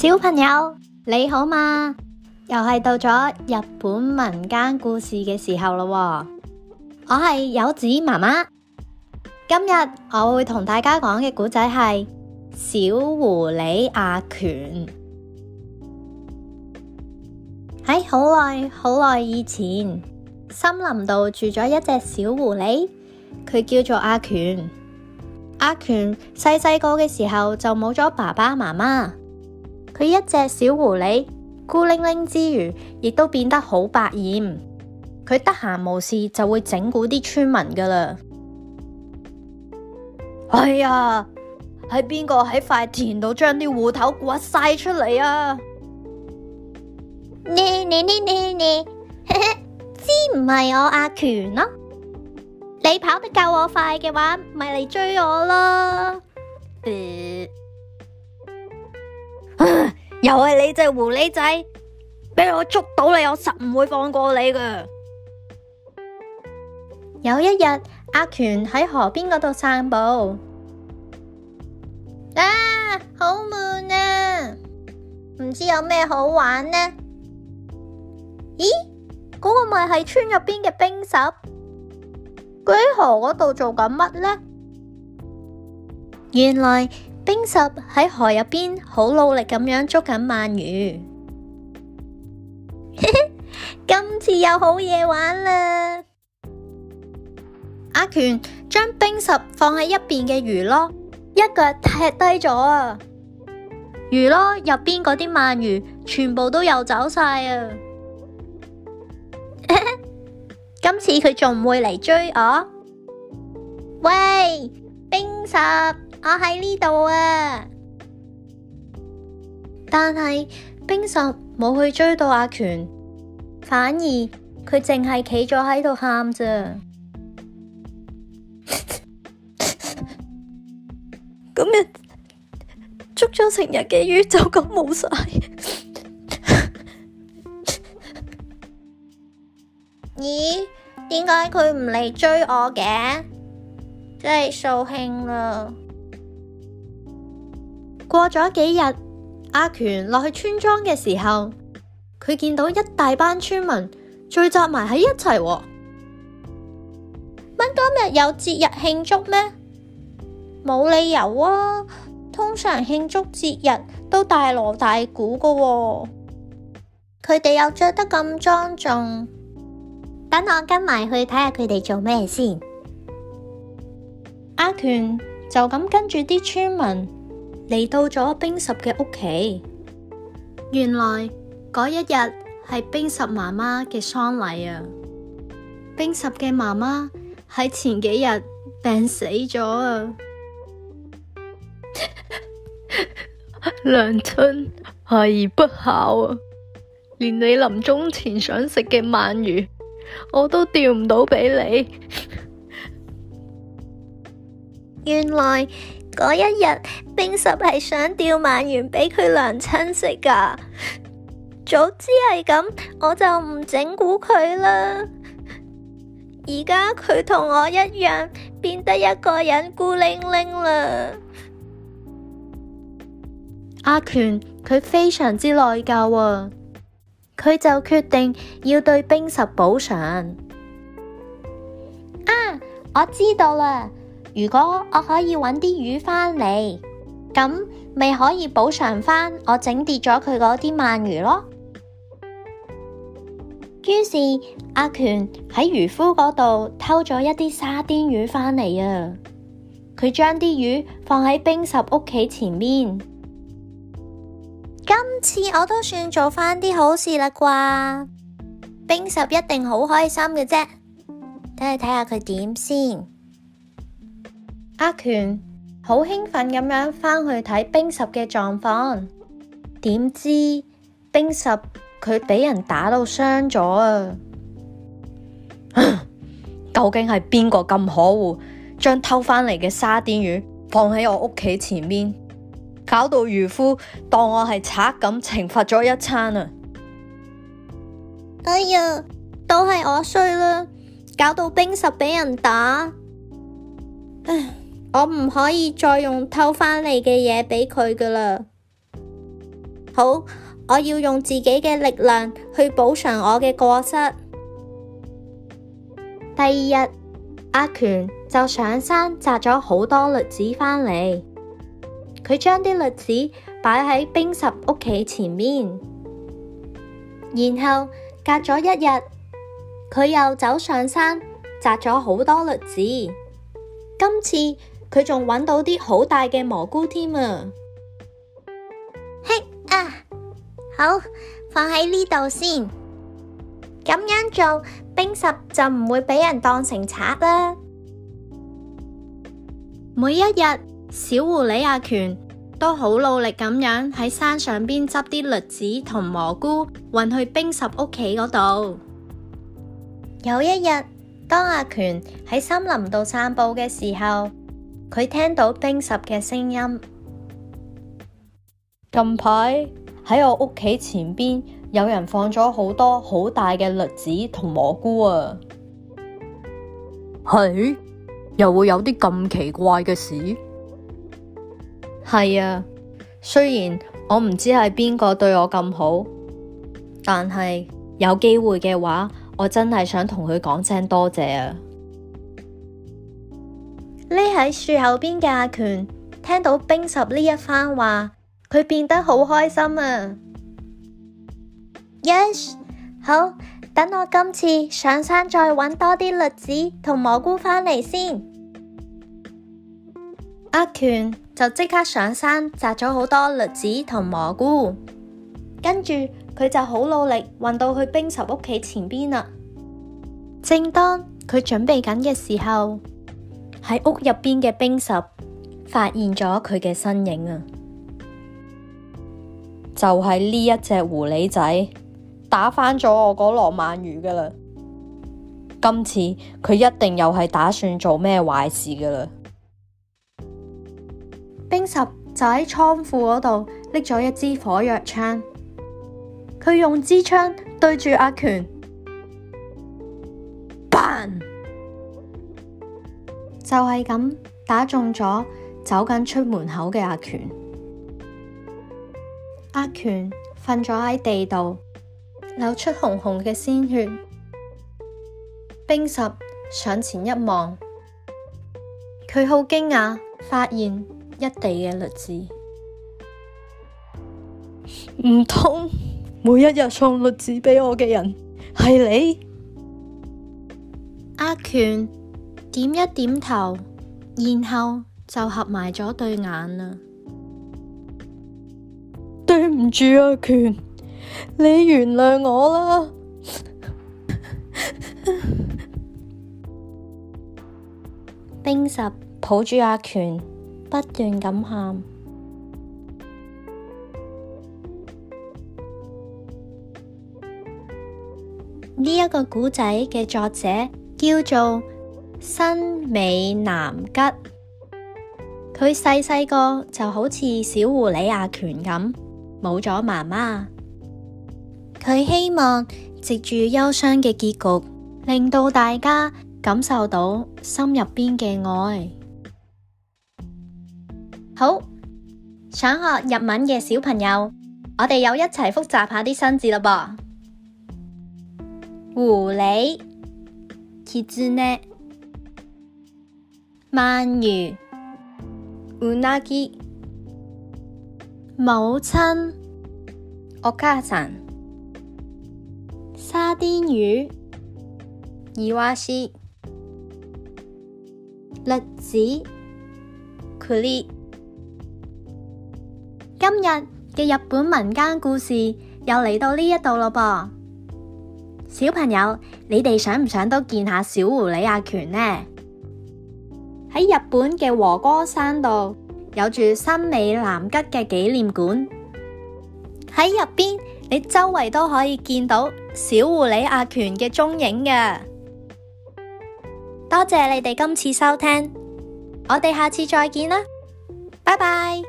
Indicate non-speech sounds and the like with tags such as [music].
小朋友你好嘛，又係到咗日本民間故事嘅時候咯喎。我係柚子媽媽，今日我會同大家講嘅故仔係小狐狸阿權。喺好耐好耐以前，森林度住咗一隻小狐狸，佢叫做阿權。阿權細細個嘅時候就冇咗爸爸媽媽。佢一隻小狐狸，孤零零之餘，亦都變得好百厭，佢得閒無事就會整蠱啲村民噶啦。哎呀，係邊個喺塊田度將啲芋頭刮晒出嚟啊？你你你你你，知唔係我阿權咯？你跑得夠我快嘅話，咪嚟追我咯。呃啊、又係你隻狐狸仔，俾我捉到你，我實唔會放過你噶。有一日，阿權喺河邊嗰度散步啊。好悶啊，唔知有咩好玩呢？咦，嗰、嗰個咪係村入邊嘅冰室？佢喺河嗰度做緊乜呢？原來。冰十喺河入邊好努力咁樣捉緊鰻魚，今次有好嘢玩啦！阿權將冰十放喺一邊嘅魚籮，一腳踢低咗啊！魚籮入邊嗰啲鰻魚全部都游走晒啊！今次佢仲唔會嚟追我，喂，冰十。我喺呢度啊！但係冰十冇去追到阿權，反而佢淨係企咗喺度喊咋。咁樣捉咗成日嘅魚就咁冇晒。 [laughs] 咦？點解佢唔嚟追我嘅？真係掃興啦！過咗幾日，阿權落去村莊嘅時候，佢見到一大班村民聚集埋喺一齊。哦，乜今日有節日有節日慶祝咩？冇理由啊！通常慶祝節日都大鑼大鼓㗎。哦，佢哋又着得咁莊重。等我跟埋去睇下佢哋做咩先。阿權就咁跟住啲村民。嚟到咗冰十嘅屋企，原來嗰一日係冰十媽媽嘅喪禮啊！冰十嘅媽媽喺前幾日病死咗啊！娘親，孩兒不孝啊！連你臨終前想食嘅鰻魚，我都釣唔到俾你。 [laughs] 原來。嗰一日，兵十係想釣鰻魚畀佢娘親食噶。早知係咁，我就唔整蠱佢啦。而家佢同我一樣，變得一個人孤零零啦。阿權佢非常之內疚啊，佢就決定要對兵十補償。啊，我知道啦。如果我可以揾啲魚翻嚟，咁咪可以補償翻我整跌咗佢嗰啲鰻魚咯。於是阿權喺漁夫嗰度偷咗一啲沙甸魚翻嚟啊！佢將啲魚放喺冰十屋企前面。今次我都算做翻啲好事啦啩！冰十一定好開心嘅啫，等我睇下佢點先。阿權好興奮咁樣返去睇冰十嘅狀況，點知冰十佢俾人打到傷咗啊！ [laughs] 究竟係邊個咁可惡，將偷翻嚟嘅沙甸魚放喺我屋企前面，搞到漁夫當我係賊咁懲罰咗一餐啊！哎呀，都係我衰啦，搞到冰十俾人打，唉。我唔可以再用偷返嚟嘅嘢俾佢㗎喇。好，我要用自己嘅力量去補償我嘅過失。第二日，阿權就上山摘咗好多栗子返嚟，佢將啲栗子擺喺冰十屋企前面，然後隔咗一日，佢又走上山摘咗好多栗子。今次。佢仲搵到啲好大嘅蘑菇添啊！嘿啊、hey, uh，好，放喺呢度先，咁樣做，冰十就唔會俾人當成賊啦。每一日，小狐狸阿權都好努力咁樣喺山上邊執啲栗子同蘑菇運去冰十屋企嗰度。有一日，當阿權喺森林度散步嘅時候，佢聽到冰十嘅聲音。近排喺我屋企前邊有人放咗好多好大嘅栗子同蘑菇啊！係？又會有啲咁奇怪嘅事？係啊，雖然我唔知係邊個對我咁好，但係有機會嘅話，我真係想同佢講聲多謝啊！匿喺樹後邊嘅阿權聽到冰十呢一番話，佢變得好開心啊！Yes，好，等我今次上山再搵多啲栗子同蘑菇返嚟先。阿權就即刻上山摘咗好多栗子同蘑菇，跟住佢就好努力運到去冰十屋企前邊啦。正當佢準備緊嘅時候，喺屋入邊嘅冰十發現咗佢嘅身影啊！就係呢一隻狐狸仔打翻咗我嗰籮鰻魚㗎喇！今次佢一定又係打算做咩壞事㗎喇！冰十就喺倉庫嗰度拎咗一支火藥槍，佢用支槍對住阿權。就係咁打中咗走緊出門口嘅阿權，阿權瞓咗喺地度，流出紅紅嘅鮮血。冰十上前一望，佢好驚訝，發現一地嘅栗子。唔通每一日送栗子俾我嘅人係你，阿權。點一點頭，然後就合埋咗對眼啦。對唔住啊，阿權，你原諒我啦。 [laughs] [laughs] 冰十抱住阿權， [laughs] 不斷咁喊。呢一個古仔嘅作者叫做。新美南吉，佢細細個就好似小狐狸阿權咁，冇咗媽媽。佢希望藉住憂傷嘅結局，令到大家感受到心入邊嘅愛。好，想學日文嘅小朋友，我哋又一齊復習下啲新字啦噃。狐狸，其次呢？鰻魚，unagi 母親，okasan 沙甸魚，iwashi，栗子，kuri。今日嘅日本民間故事又嚟到呢一度咯噃，小朋友，你哋想唔想都見下小狐狸阿權呢？喺日本嘅和歌山度有住新美南吉嘅紀念館，喺入邊你周圍都可以見到小狐狸阿權嘅蹤影嘅。多謝你哋今次收聽，我哋下次再見啦，拜拜。